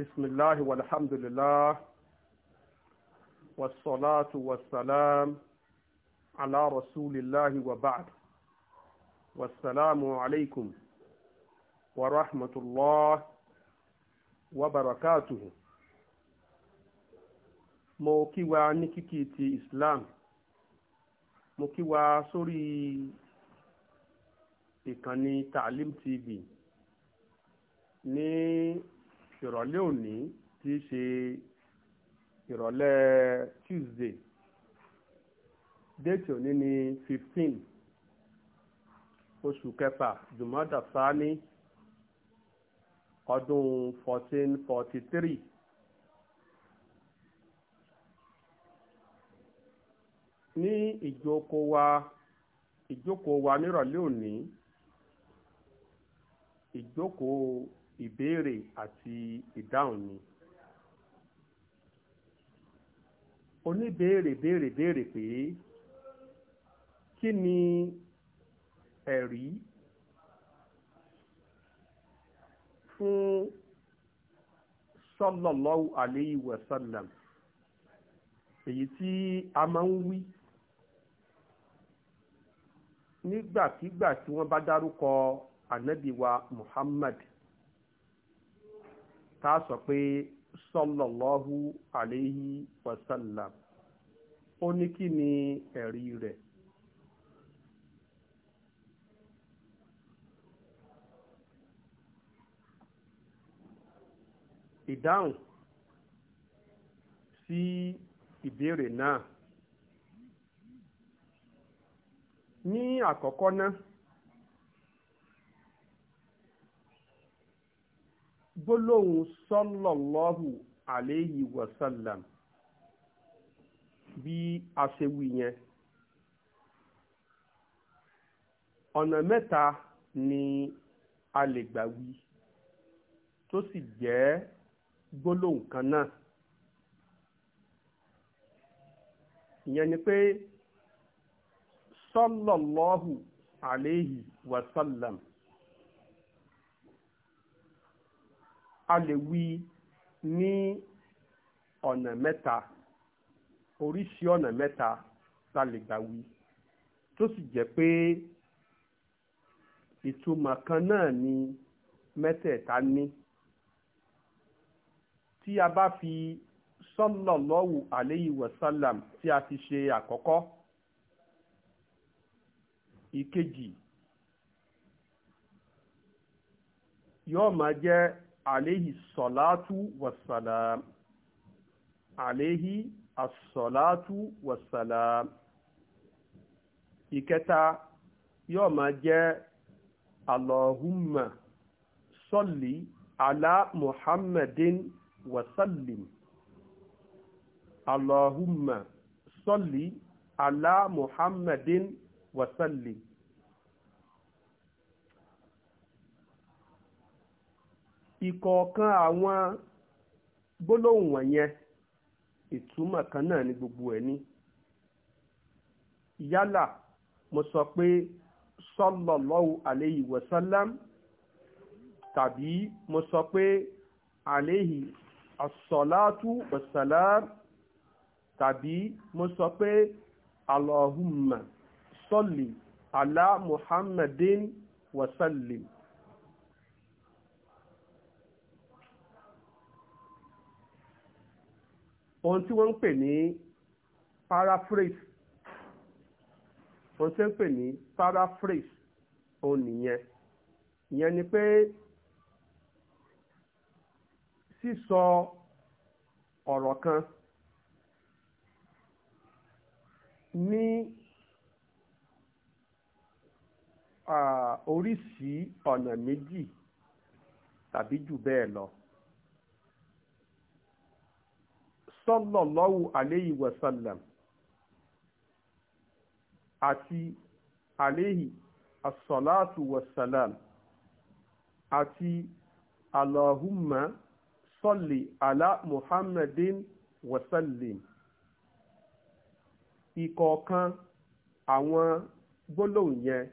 بسم الله والحمد لله والصلاة والسلام على رسول الله وبعد والسلام عليكم ورحمة الله وبركاته mo kí wa ní kíkí ti تعليم تي في wa ìrọ̀lẹ́ òní tí í ṣe ìrọ̀lẹ́ Tuesday déètì òní ni fifteen oṣù kẹfà jùmọ́dà sáni ọdún fourteen forty three. ní ìjókòó wa ìjókòó wa nírọ̀lẹ́ òní ìjókòó ìbéèrè àti ìdáhùn ni. oníbéèrè béèrè béèrè pé kí ni ẹ̀rí fún sallallahu alayhi wa sallam èyí tí a máa ń wí nígbàkígbà tí wọ́n bá dárúkọ ànábì Muhammad ta sọ pé sallallahu alayhi wa ó ní kí ni ẹ̀rí rẹ̀. ìdáhùn sí ìbéèrè náà ní àkọ́kọ́ náà gbólóhùn sọlọlọhù àléyìí wàsálàm bí a ṣe wí yẹn ọ̀nà mẹ́ta ni a lè gbà wí tó sì jẹ́ gbólóhùn kan náà ìyẹn ni pé sọlọlọhù àléyìí wàsálàm. a lè wí ní ọ̀nà mẹ́ta oríṣi ọ̀nà mẹ́ta la lè gbà wí tó sì jẹ́ pé ìtumọ̀ kan náà ni mẹ́tẹ̀ẹ̀ta ní tí a bá fi sọ́lọ̀lọ́wù àléyìí wàsálàm tí a ti ṣe àkọ́kọ́ ìkejì yóò máa jẹ́ alayhi salatu wassalam alayhi as-salatu wassalam ìkẹta yóò máa jẹ́ allahumma salli ala muhammadin wasallim allahumma salli ala muhammadin wasallim ìkọ̀ọ̀kan àwọn gbólóhùn wọ̀nyẹn ìtumọ̀ kan náà ni gbogbo ẹ̀ ní yálà mo sọ pé sallallahu alayhi wa sallam tàbí mo sọ pé alayhi as-salatu tàbí mo sọ pé allahumma salli ala muhammadin wa ohun tí wọ́n ń pè ní paraphrase ohun tí wọ́n ń pè ní paraphrase òun nìyẹn ìyẹn ni pé sísọ ọ̀rọ̀ kan ní oríṣìí ọ̀nà méjì tàbí jù bẹ́ẹ̀ lọ. sallallahu alayhi wa sallam àti alayhi as-salatu wa salam àti allahumma salli ala muhammadin wa sallim ìkọ̀ọ̀kan àwọn gbólóhùn yẹn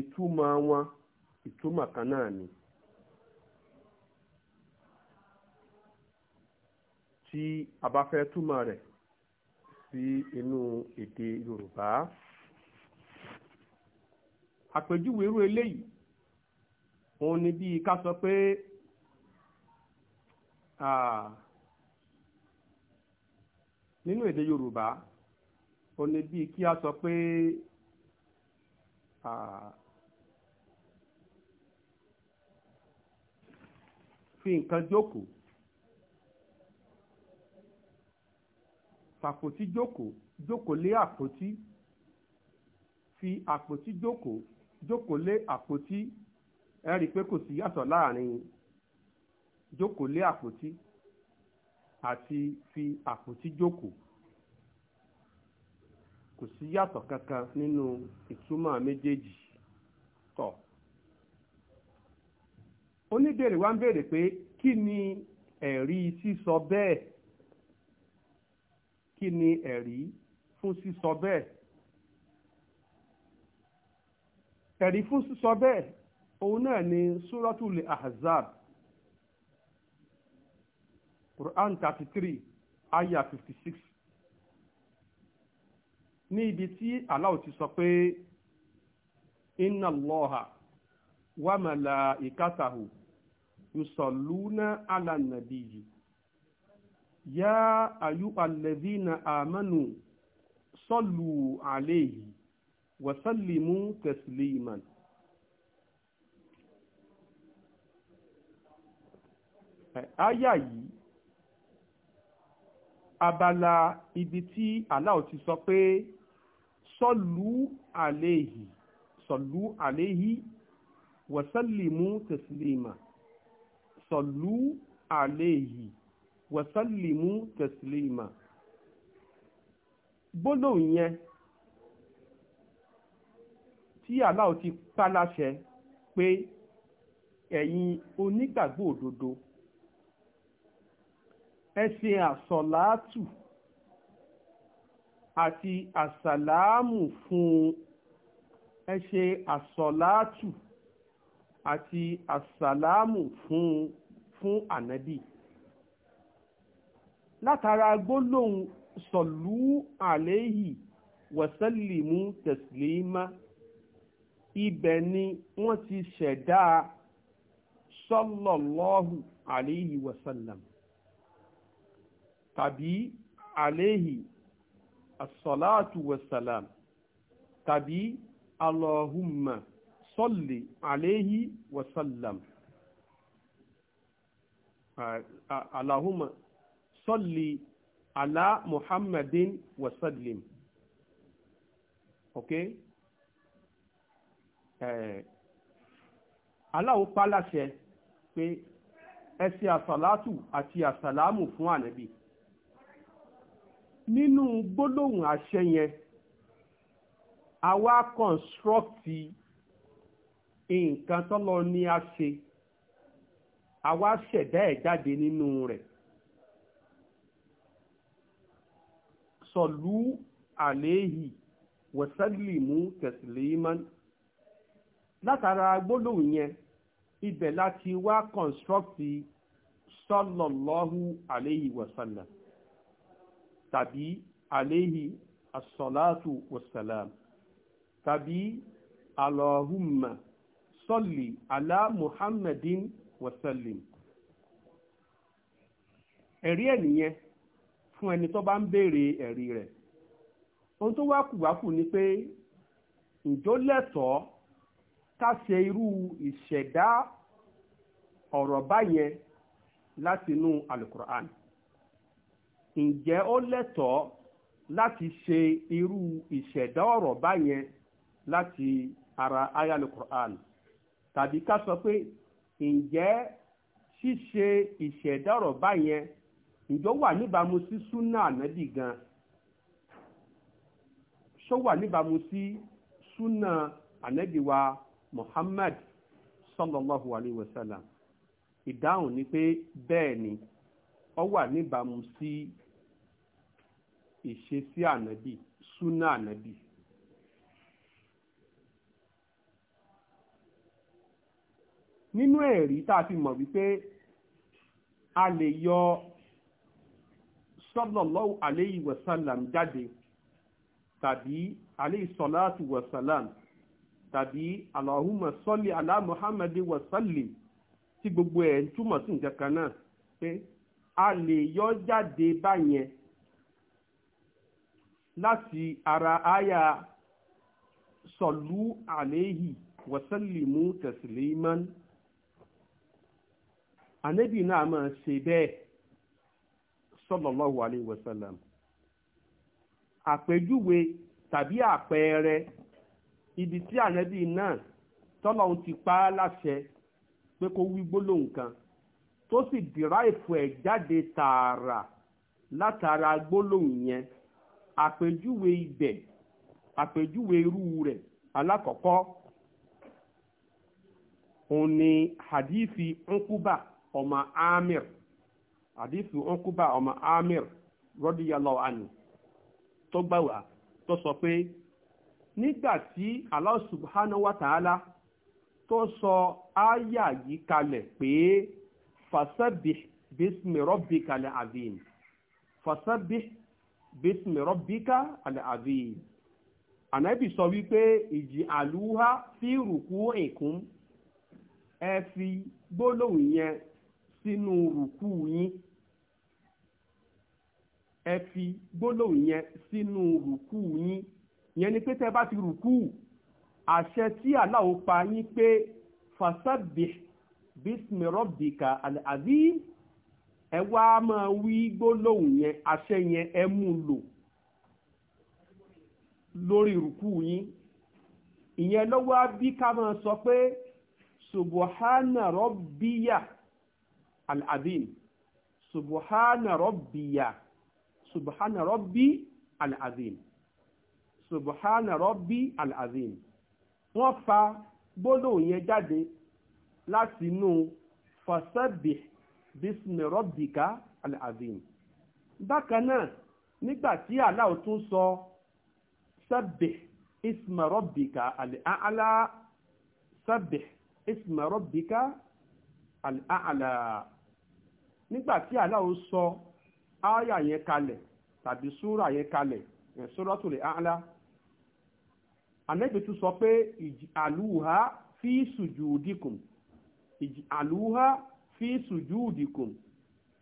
ìtumọ̀ wọn ìtumọ̀ kan náà ni. tí a bá fẹ́ túmọ̀ rẹ̀ sí inú èdè Yorùbá àpèjúwe irú eléyìí òun ni bí ká sọ pé nínú èdè Yorùbá òun ni bí kí a sọ pé fi nǹkan jókòó fàpótí jókòó jókòó lé àpótí fi àpótí jókòó jókòó lé àpótí ẹ rí i pé kò sí yàtọ̀ láàrin jókòó lé àpótí àti fi àpótí jókòó kò sí yàtọ̀ kankan nínú ìtumọ̀ méjèèjì tọ̀. oníbèrè wa ń béèrè pé kí ni ẹ̀rí sísọ bẹ́ẹ̀ kí ni ẹ̀rí fún sísọ bẹ́ẹ̀ ẹ̀rí fún sísọ bẹ́ẹ̀ òun náà ni suratul ahzab quran thirty three ayah fifty six ní ibi tí Allah ti sọ pé inna Allaha wa malaikatahu yusalluna ala nabiyyi yá ayú alẹ́dínà àmánù sọ́lù àléyìí wàsálìmú tẹ̀sílìmán. Aya yìí, abala ibi tí Allah ti sọ pé sọ́lù àléyìí, sọ́lù àléyìí, wàsálìmú tẹ̀sílìmán, sọ́lù àléyìí wàsálìmù tẹ̀sílìmà gbólóhùn yẹn tí aláwo ti pa láṣẹ pé ẹ̀yin onígbàgbọ́ òdodo ẹ ṣe àsọ̀láàtù àti àsàlámù fún un ẹ ṣe àsọ̀láàtù àti àsàlámù fún un fún ànábì látara gbólóhùn sọ̀lú àléhì wẹ̀sẹ́lìmú tẹ̀sílímà ibẹ̀ ni wọ́n ti ṣẹ̀dá sọ́lọ̀lọ́hù àléhì wẹ̀sẹ́lẹ̀m tàbí àléhì asọ̀láàtù wẹ̀sẹ̀lẹ̀m tàbí alọ́hùmà sọ́lì àléhì wẹ̀sẹ̀lẹ̀m. صلي على محمد وسلم okay eh aláwo paláṣẹ pé ẹ ṣe àsàlátù àti àsàlámù fún ànábì gbólóhùn àṣẹ yẹn àwa kọ̀ǹstrọ́kìtì nǹkan tọ́lọ ni a ṣe ṣẹ̀dá ẹ̀ jáde nínú rẹ̀ sọ̀lú àléhì wẹ̀sẹ́lìmù tẹ̀sílímán látara gbólóhùn yẹn ibẹ̀ láti wá kọ̀nstrọ́kì sọ́lọ̀lọ́hù àléhì wẹ̀sẹ̀lẹ̀ tàbí àléhì asọ̀látù wẹ̀sẹ̀lẹ̀ tàbí alọ́hùmà sọ́lì alá muhammadin wẹ̀sẹ̀lìm ẹ̀rí ẹ̀ nìyẹn fún ẹni tó bá ń béèrè ẹ̀rí rẹ̀ ohun tó wá kùwákù ni pé ǹjọ́ lẹ́tọ̀ọ́ ká ṣe irú ìṣẹ̀dá ọ̀rọ̀ báyẹn látinú alukur'an ǹjẹ́ ó lẹ́tọ̀ọ́ láti ṣe irú ìṣẹ̀dá ọ̀rọ̀ báyẹn láti ara ayalukur'an tàbí ká sọ pé ǹjẹ́ ṣíṣe ìṣẹ̀dá ọ̀rọ̀ báyẹn ǹjọ́ wà níbàámu sí súnà ànábì gan ṣó wà níbàámu sí súnà ànábì wa Muhammad sallallahu alayhi wa sallam ìdáhùn ni pé bẹ́ẹ̀ ni ó wà níbàámu sí ìṣesí ànábì súnà ànábì. nínú ẹ̀rí tá a fi mọ̀ wípé a lè yọ sallallahu alayhi wa sallam jáde tàbí alayhi salatu wa salam tàbí allahumma salli ala muhammadi wa sallim tí gbogbo ẹ̀ ń túmọ̀ sí nǹkan kan náà pé a lè yọ jáde báyẹn láti ara àyà sọ̀lú àléhì wàsálìmù tẹ̀sílímán. ànábì náà máa ṣe bẹ́ẹ̀ sallallahu alayhi wa sallam àpèjúwe tàbí àpẹẹrẹ ibi tí ànábì náà tọ́lọ́hún ti pa á láṣẹ pé kó wí gbólóhùn kan tó sì dìrá ìfò ẹ̀ jáde tààrà látara gbólóhùn yẹn àpèjúwe ibẹ̀ àpèjúwe irú rẹ̀ alákọ̀ọ́kọ́ òun ni hadithi nkuba ọmọ amir àdìsù ọkùbà ọmọ amir radiyallahu anhu tó gbà wá tó sọ pé nígbà tí Allah subhanahu wa ta'ala tó sọ áyà yìí kalẹ̀ pé fasabbih bismi rabbika al-azim fasabbih bismi rabbika al ànábì sọ wípé ìjì àlúhà fi rùkú ìkún ẹ fi gbólóhùn yẹn sínú rùkú yín ẹ fi gbólóhùn yẹn sínú rùkú yín yẹn ni pé tẹ́ bá ti rùkú àṣẹ tí aláwo pa yín pé fasabbih bísmi rabbika al-azim ẹ wá máa wí gbólóhùn yẹn àṣẹ yẹn ẹ mú lò lórí rùkú yín ìyẹn ló bí ká máa sọ pé subuhana rabbiya al-azim subuhana rabbiya subhana rabbi al-azim subhana rabbi al-azim wọ́n fa gbólóhùn yẹn jáde láti inú fasabbih bismi rabbika al-azim bákan náà nígbà tí Allah tún sọ sabbih isma rabbika al-a'la sabbih isma rabbika al-a'la nígbà tí Allah sọ. So, aya yẹn kalẹ̀ tàbí súrà yẹn kalẹ̀ Suratul A'la anẹ́bìtú sọ pé ìjàlúha fi sùjúdìkùn ìjàlúha fi sùjúdìkùn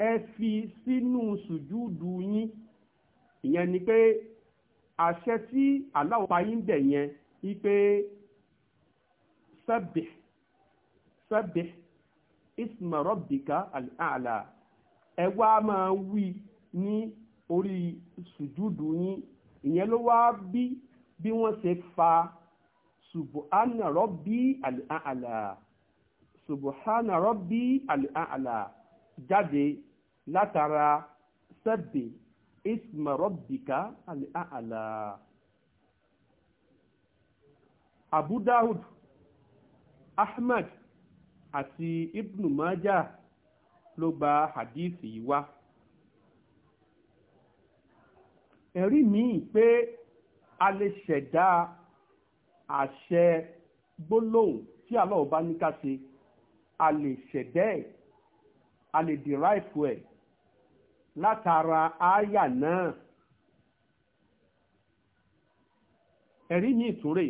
ẹ fi sínú sùjúdù yín ìyẹn ni pé àṣẹ tí aláwọ̀ pa yín bẹ̀ yẹn ni pé sabbih sabbih isma rabbika ala ẹ wá máa wí ní orí sùjúdù yín ìyẹn ló wá bí bí wọ́n ṣe fa subhana rabbi al-a'la subhana rabbi al-a'la jáde látara sẹ́bì isma rabbika al-a'la. Abu Dawud Ahmad àti Ibn Majah ló gba hadithi yìí wá. ẹ̀rí míì pé a lè ṣẹ̀dá àṣẹ gbólóhùn tí Allah bá ní ká ṣe a lè ṣẹ̀dá ẹ̀ a lè dìráìfù ẹ̀ látara àyà náà ẹ̀rí míì túnrè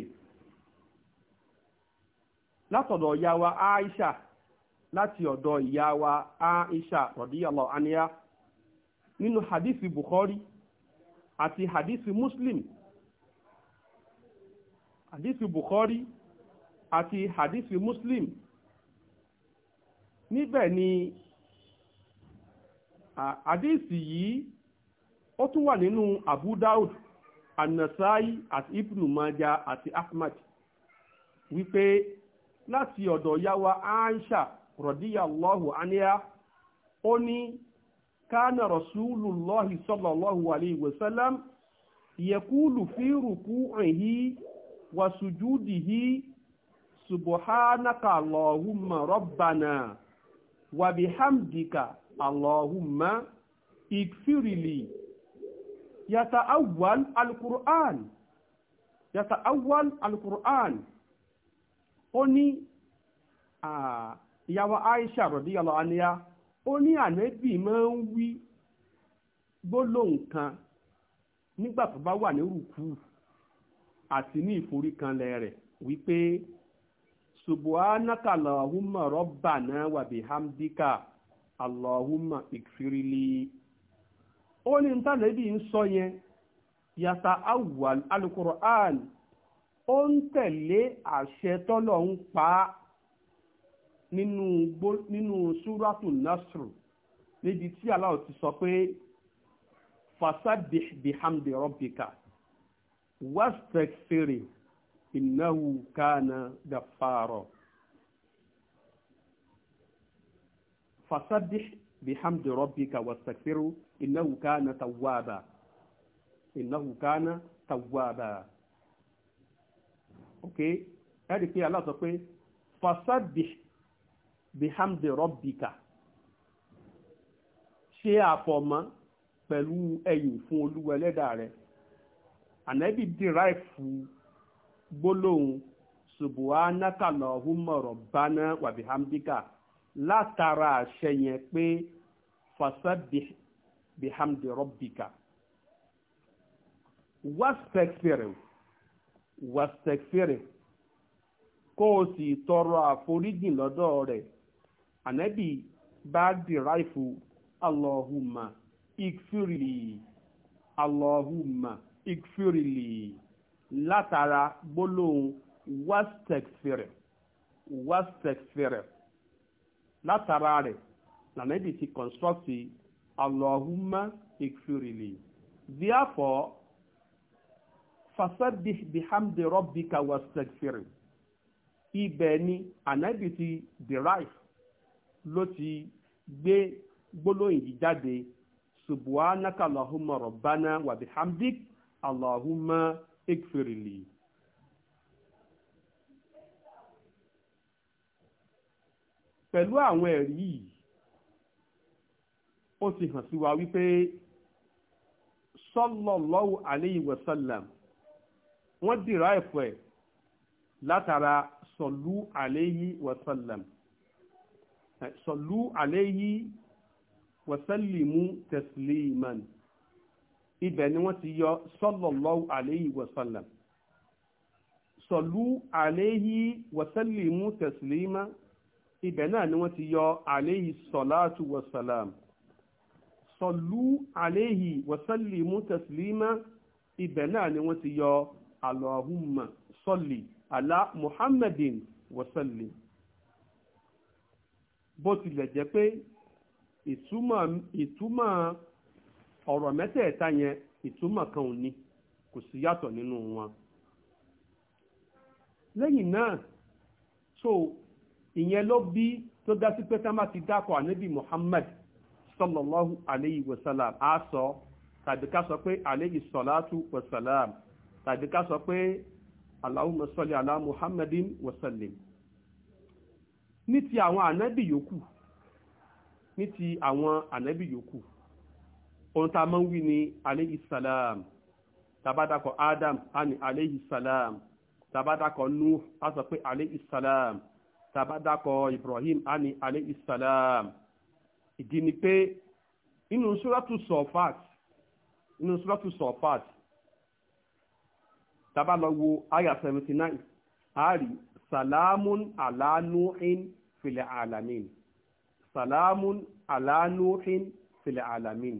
látọ̀dọ̀ ìyá wa Aisha láti ọ̀dọ̀ ìyá wa Aisha radiyallahu anha nínú hadithi Bukhari àti hadithi muslim hadithi bukhari àti hadithi muslim níbẹ̀ ni hadisi yìí ó tún wà nínú abu daud anasai àti ibnu maja àti ahmad wípé láti ọ̀dọ̀ yáwa aisha rọ̀díyà allahu aniya ó ní kana rasulullahi sallallahu alayhi wa sallam yakulu fi ruku'ihi wa sujudihi subhanaka allahumma rabbana wa bihamdika allahumma ikfirili yataawwal alquran yataawwal alquran ó ní ìyàwó aisha radiyallahu anha ó ní ànábì máa ń wí gbólóhùn kan nígbà tó bá wà ní rúkú àti ní ìforíkanlẹ̀ rẹ̀ wípé subuhanaka rọba na wa bihamdika allahumma ikfirili ó ní ntànẹ́bí ń sọ yẹn yàtà awwal awu ó ń tẹ̀lé àṣẹ tọ́lọ̀ ń pa á nínú súrátù nasru níbi tí Allah ti sọ pé fasabbih bihamdi rabbika wastaghfirhu innahu kana ghaffara fasabbih bihamdi rabbika wastaghfirhu innahu kana tawwaba innahu kana tawwaba ok ẹ rí i pé Allah sọ pé fasabbih bihamdi rabbika ṣe àfọ̀mọ́ pẹ̀lú ẹ̀yìn fún olúwa ẹlẹ́dà rẹ̀ ànábì dìráìfù gbólóhùn subhanaka lahumma rabbana wa bihamdika látara àṣẹ yẹn pé fasabbih bihamdi rabbika wastaghfirhu wastaghfirhu kó o sì tọrọ àforíjìn lọ́dọ̀ rẹ̀ ànábì bá dìráìfù allahumma ikfirili allahumma ikfirili látara gbólóhùn wastexfere wastexfere látara rẹ̀ lànàbì ti construct allahumma ikfirili therefore fasabbih bihamdi rabbika wastexfere ibẹ̀ ni ànábì ti derive ló ti gbé gbólóyìn yìí jáde subhanaka allahumma rabbana wa bihamdik allahumma ikfirili. pẹ̀lú àwọn ẹ̀rí yìí ó ti hàn sí wa wípé sallallahu alayhi wa wọ́n dìrá ẹ̀fọ́ ẹ̀ látara sallu alayhi wa Eh, sọ̀lú àléyí wàsálìmú tẹ̀sílìmán ibẹ̀ ni wọ́n ti yọ sallallahu alayhi wa sallam sọ̀lú àléyí wàsálìmú tẹ̀sílìmá ibẹ̀ náà ni wọ́n ti yọ àléyí sọ̀látù wàsálàm sọ̀lú àléyí wàsálìmú tẹ̀sílìmá ibẹ̀ náà ni wọ́n ti yọ Allahumma sọ̀lì alá Muhammadin wàsálìmú bó tilẹ̀ jẹ́ pé ìtumọ̀ ìtumọ̀ ọ̀rọ̀ mẹ́tẹ̀ẹ̀ta yẹn ìtumọ̀ kan ò ní kò sí yàtọ̀ nínú wọn. lẹ́yìn náà so ìyẹn ló bí tó dá sí pé támá ti dákọ̀ ànábì Muhammad sallallahu alayhi wa sallam á sọ tàbí ká sọ pé alayhi salatu wa salam tàbí ká sọ pé Allahumma salli ala Muhammadin wa sallim ní ti àwọn ànábì yòókù ní ti àwọn ànábì yòókù ohun tá a máa wí ni aleyhi salam adam a ní aleyhi salam tabadakọ nuh a sọ pé aleyhi salam ibrahim a ní aleyhi salam ìdí ni pé inú suratu sọfàt inú suratu sọfàt tá lọ wo aya seventy nine àárí salamun ala nuhin fil alamin salamun ala nuhin fil alamin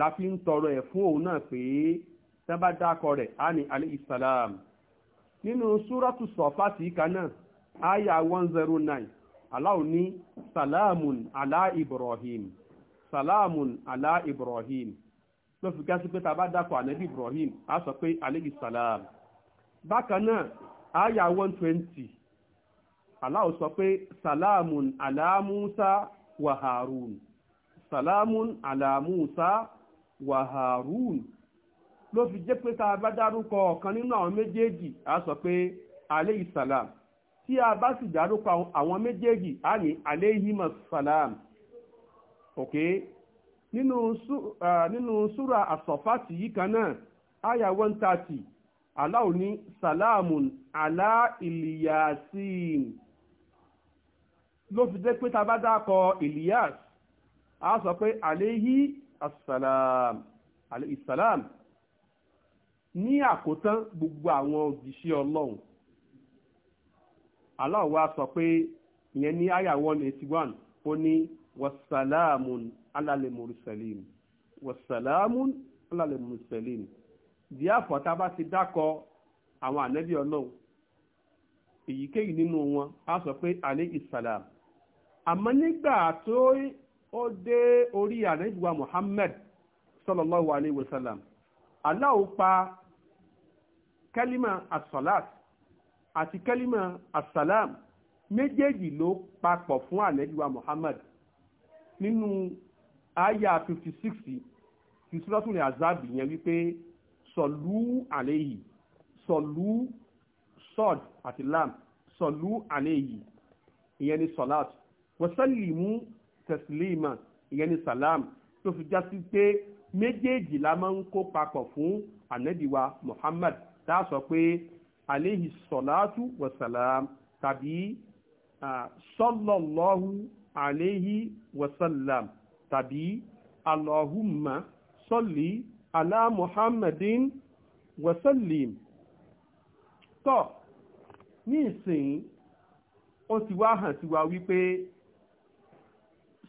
la fi ń tọrọ ẹ̀ fún òun náà pé tẹ́ bá dákọ rẹ̀ á ní alayhi salam nínú súrọ́tù sọ̀fàtì kan náà aya 109 Allah ní salamun ala ibrahim salamun ala ibrahim ló fi pé tá a bá dákọ ànábì ibrahim á sọ pé alayhi bákan náà aya one twenty Allah sọ pé salamun ala wa Harun salamun ala Musa wa Harun ló fi jẹ́ pé tá a bá dárúkọ ọ̀kan nínú àwọn méjèèjì a sọ pé aleyhi salam tí a bá sì dárúkọ àwọn méjèèjì a ní aleyhi salam ok nínú eh, súra àsọ̀fàtì yìí kan náà aya one thirty aláwo ní salamun alá ìlíyàsín ló fi jẹ́ pé ta bá dákọ ìlíyàs a sọ pé àléhí asàlám àléhí sàlám ní àkótán gbogbo àwọn òjìṣẹ́ ọlọ́run aláwo wa sọ pé ìyẹn ní àyà one eighty one ó ní wasalamun alálẹ̀ mùrùsẹ̀lìm wasalamun alálẹ̀ mùrùsẹ̀lìm díàfọ̀ tá a bá ti dákọ àwọn ànábì ọlọ́run èyíkéyìí nínú wọn á sọ pé alẹ́ ìsàlám àmọ́ nígbà tó ó dé orí ànábìwá Muhammad sallallahu alayhi wa sallam Allah pa kẹ́límà asọ́láàt àti kẹ́límà asàlám méjèèjì ló papọ̀ fún ànábìwá Muhammad nínú àyà 56 ti suratul Ahzab yẹn wípé sọ̀lú àléyìí sọ̀lú sọ̀d àti lam sọ̀lú àléyìí ìyẹn ni sọ̀láàt wọ́sálìmù tẹ̀sílìmà ìyẹn ni sàlám tó fi já sí pé méjèèjì la máa ń kó papọ̀ fún ànábìwa Muhammad tá a sọ pé àléyìí sọ̀láàtù wọ̀sálàm tàbí sọ́lọ̀lọ́hu àléyìí wọ̀sálàm tàbí alọ́hùnmá sọ́lì ala muhammadin wasallim tọ́ ní ìsìn ó ti wá hàn sí wa wípé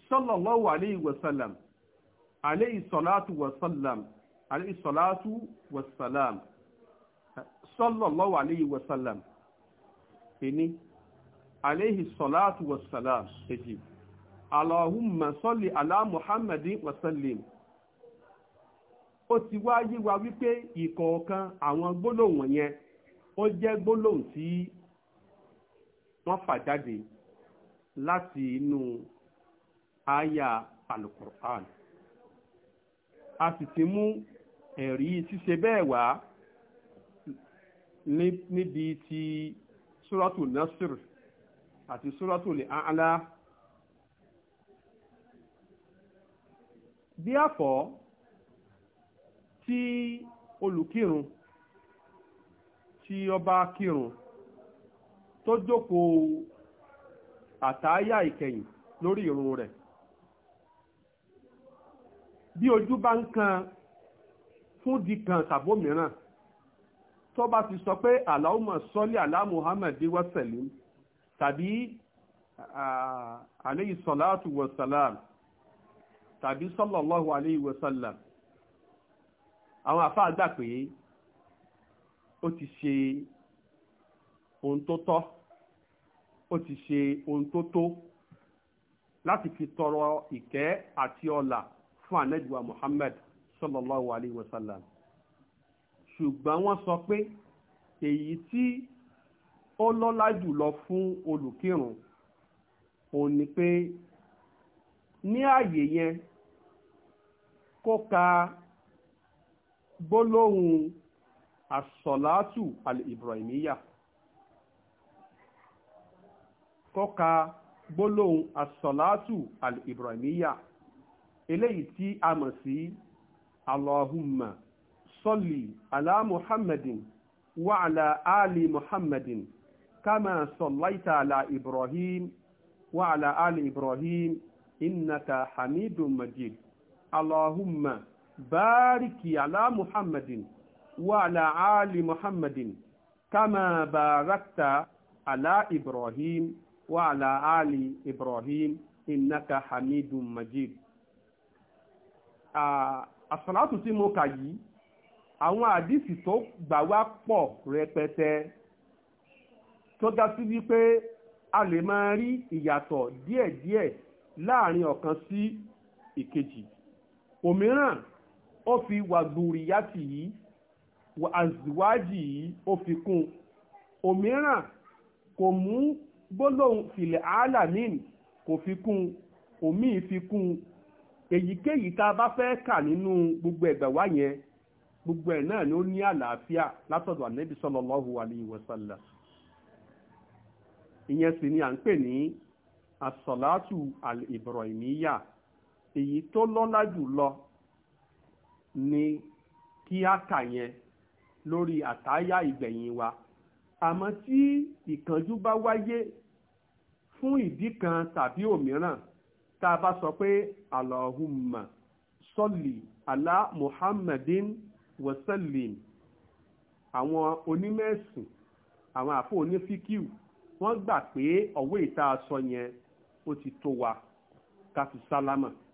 sallallahu alayhi wasallam alayhi salatu wasallam alayhi salatu wasallam sallallahu alayhi wasallam ení alayhi salatu wasallam èjì allahumma salli ala muhammadin wasallim ó ti wá yí wa wípé ìkọ̀ọ̀kan àwọn gbólóhùn yẹn ó jẹ́ gbólóhùn tí wọ́n fà jáde láti inú àyà alukur'an a sì ti mú ẹ̀rí ṣíṣe bẹ́ẹ̀ wá níbi tí súrọ́tù nasir àti súrọ́tù lè àálá therefore tí olùkírun tí ọba kírun tó jókòó àtàáyà ìkẹyìn lórí ìrun rẹ̀ bí ojú bá ń kan fún dìkan tàbó mìíràn tó bá ti sọ pé aláwùmọ̀ sọ́lé alá Muhammad wasalim tàbí alayhi salatu wasalam tàbí sallallahu alayhi àwọn àfáà gbà pé ó ti ṣe ohun tó tọ́ ó ti ṣe ohun tó tó láti fi tọrọ ìkẹ́ àti ọlà fún anẹ́jùwà Muhammad sallallahu alayhi wa sallam ṣùgbọ́n wọ́n sọ pé èyí tí ó lọ́lá jùlọ fún olùkírun òun ni pé ní ààyè yẹn kó ka gbólóhùn asọ̀látù al-ibrahimiyya kọ́ka gbólóhùn asọ̀látù al-ibrahimiyya eléyìí tí a mọ̀ sí allahumma sọ́lì ala muhammadin wa ala ali muhammadin kama sọ̀láìta ala ibrahim wa ala ali ibrahim innaka hamidun majid allahumma بارك على محمد وعلى آل محمد كما باركت على إبراهيم وعلى آل إبراهيم إنك حميد مجيد àsàlátù tí mo kà yìí àwọn àdìsí tó gbà wá pọ̀ rẹpẹtẹ tó dá sí wípé a lè máa rí ìyàtọ̀ díẹ̀díẹ̀ láàrin ọ̀kan sí ìkejì òmíràn ó fi wàzùrìyàtì yìí wà àzìwájì yìí ó fi kún òmíràn kò mú gbólóhùn fìlẹ̀ alamin kò fi kún omi fi kún èyíkéyìí tá a bá fẹ́ kà nínú gbogbo ẹ̀gbà wá yẹn gbogbo ẹ̀ náà ni ó ní àlàáfíà látọ̀dọ̀ ànábì sallallahu alayhi wa sallam ìyẹn sì ni à ń pè ní as-salatu al-ibrahimiyya èyí tó lọ́lá jù lọ ni kí á kà yẹn lórí àtáyà ìgbẹ̀yìn wa àmọ́ tí ìkánjú bá wáyé fún ìdí kan tàbí òmíràn tá a bá sọ pé Allahumma salli ala Muhammadin wasallim àwọn onímẹ̀sìn àwọn àfọ onífíkìw wọ́n gbà pé ọ̀wé ìta aṣọ yẹn ó ti tó wa ká fi sálámà.